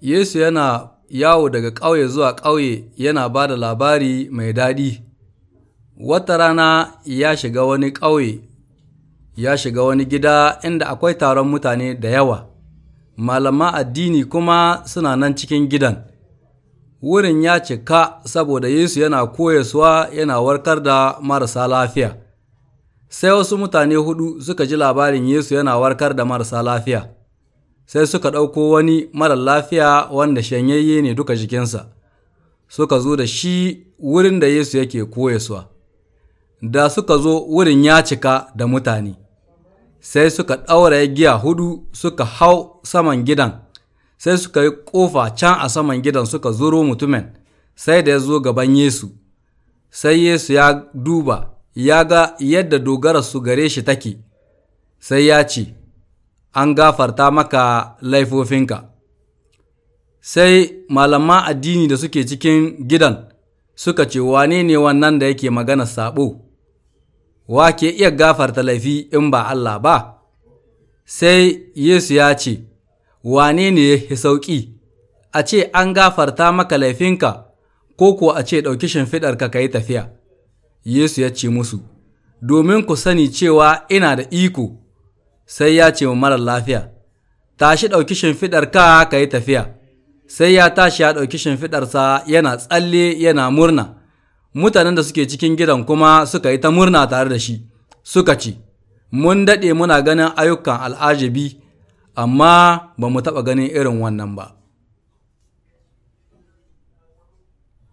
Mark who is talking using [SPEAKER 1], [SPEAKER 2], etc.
[SPEAKER 1] Yesu yana yawo daga ƙauye zuwa ƙauye yana ba da labari mai daɗi. Wata rana ya shiga wani ƙauye, ya shiga wani gida inda akwai taron mutane da yawa, malama addini kuma suna nan cikin gidan. Wurin ya cika saboda Yesu yana koyaswa yana warkar da marasa lafiya. Sai wasu mutane hudu suka ji labarin Yesu yana warkar da marasa lafiya. sai suka ɗauko wani mara lafiya wanda shanyayye ne duka jikinsa, suka zo da shi wurin da Yesu yake koyaswa. Da suka zo wurin ya cika da mutane, sai suka ɗauraye giya hudu suka hau saman gidan, sai suka yi ƙofa can a saman gidan suka zuro mutumin, sai da ya zo gaban Yesu, sai Yesu ya duba, ya ga yadda dogara su gare shi take, sai ya ce, an gafarta maka laifofinka sai malama addini da suke cikin gidan suka ce wane ne wannan da yake magana sabo wa ke iya gafarta laifi in ba Allah ba sai Yesu ya ce wane ne ya sauƙi a ce an gafarta maka laifinka ko ko a ce ɗauki shimfiɗarka ka yi tafiya Yesu ya ce musu domin ku sani cewa ina da iko sai ya ce wa marar lafiya, Tashi ɗauki shimfiɗar ka ka yi tafiya, sai ya tashi ya ɗauki shimfiɗarsa yana tsalle yana murna, mutanen da suke cikin gidan kuma suka yi ta murna tare da shi, suka ce, Mun daɗe muna ganin ayyukan al'ajabi, amma ba mu taɓa ganin irin wannan ba.